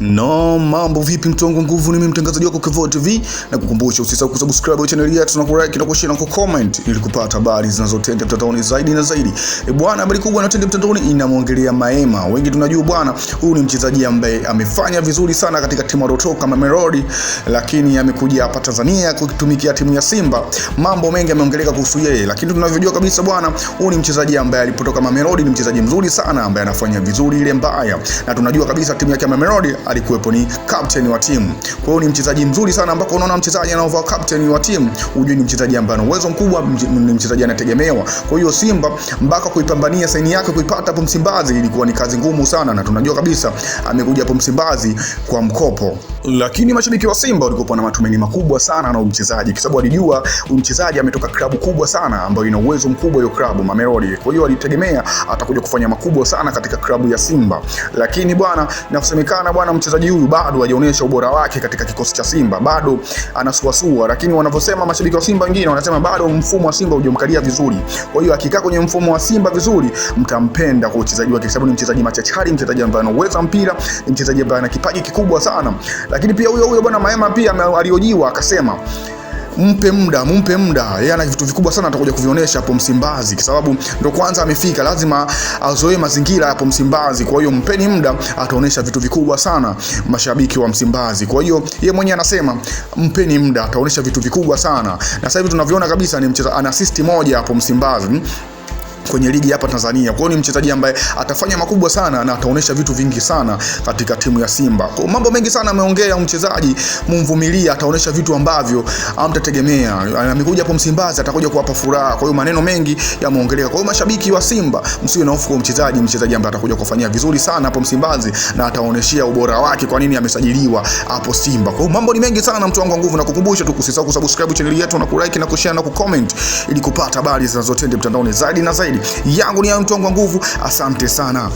No, mambo vipi mtu wangu nguvu, ni mimi mtangazaji wako Kevoo TV na kukumbusha usisahau kusubscribe channel yetu na kulike na kushare na kucomment ili kupata habari zinazotenda mtandaoni zaidi na zaidi. E bwana, habari kubwa inayotenda mtandaoni inamwongelea Maema. Wengi tunajua bwana, huyu ni mchezaji ambaye amefanya vizuri sana katika timu aliyotoka kama Mamelodi, lakini amekuja hapa Tanzania kutumikia timu ya Simba. Mambo mengi yameongeleka kuhusu yeye, lakini tunavyojua kabisa bwana, huyu ni mchezaji ambaye alipotoka Mamelodi ni mchezaji mzuri sana ambaye anafanya vizuri ile mbaya. Na tunajua kabisa timu yake ya Mamelodi alikuwepo, ni captain wa timu. Kwa hiyo ni mchezaji mzuri sana, ambako unaona mchezaji anaovaa captain wa timu, hujui ni mchezaji ambaye ana uwezo mkubwa, ni mchezaji anategemewa. Kwa hiyo Simba mpaka kuipambania saini yake kuipata hapo Msimbazi ilikuwa ni kazi ngumu sana, na tunajua kabisa amekuja hapo Msimbazi kwa mkopo, lakini mashabiki wa Simba walikuwa na matumaini makubwa sana na mchezaji, kwa sababu walijua mchezaji ametoka klabu kubwa sana ambayo ina uwezo mkubwa, hiyo klabu Mamelodi. Kwa hiyo walitegemea atakuja kufanya makubwa sana katika klabu ya Simba, lakini bwana, nakusemekana bwana mchezaji huyu bado hajaonyesha ubora wake katika kikosi cha Simba, bado anasuasua, lakini wanavyosema mashabiki wa Simba wengine wanasema bado mfumo wa Simba hujamkalia vizuri. Kwa hiyo akikaa kwenye mfumo wa Simba vizuri, mtampenda kwa uchezaji wake, sababu ni mchezaji machachari, mchezaji ambaye anaweza mpira, ni mchezaji ambaye ana kipaji kikubwa sana. Lakini pia huyo huyo bwana Maema pia aliojiwa akasema mpe muda, mumpe muda. Yeye ana vitu vikubwa sana atakuja kuvionyesha hapo Msimbazi, kwa sababu ndo kwanza amefika, lazima azoee mazingira hapo Msimbazi. Kwa hiyo mpeni muda, ataonyesha vitu vikubwa sana mashabiki wa Msimbazi. Kwa hiyo yeye mwenyewe anasema mpeni muda, ataonyesha vitu vikubwa sana, na sasa hivi tunavyoona kabisa ni mchezo ana assist moja hapo Msimbazi kwenye ligi hapa Tanzania. Kwa hiyo ni mchezaji ambaye atafanya makubwa sana na ataonesha vitu vingi sana katika timu ya Simba. Kwa mambo mengi sana ameongea mchezaji, mumvumilie, ataonesha vitu ambavyo hamtategemea. Amekuja hapo Msimbazi, atakuja kuwapa furaha. Kwa hiyo maneno mengi yameongeleka. Kwa hiyo mashabiki wa Simba, msiwe na hofu kwa mchezaji, mchezaji ambaye atakuja kufanyia vizuri sana hapo Msimbazi na ataoneshia ubora wake kwa nini amesajiliwa hapo Simba. Kwa hiyo mambo ni mengi sana, mtu wangu nguvu, na kukumbusha tu kusisahau kusubscribe channel yetu na kulike na kushare na kucomment ili kupata habari zinazotendeka mtandaoni zaidi na zaidi yangu ni ya mtu wangu wa nguvu. Asante sana.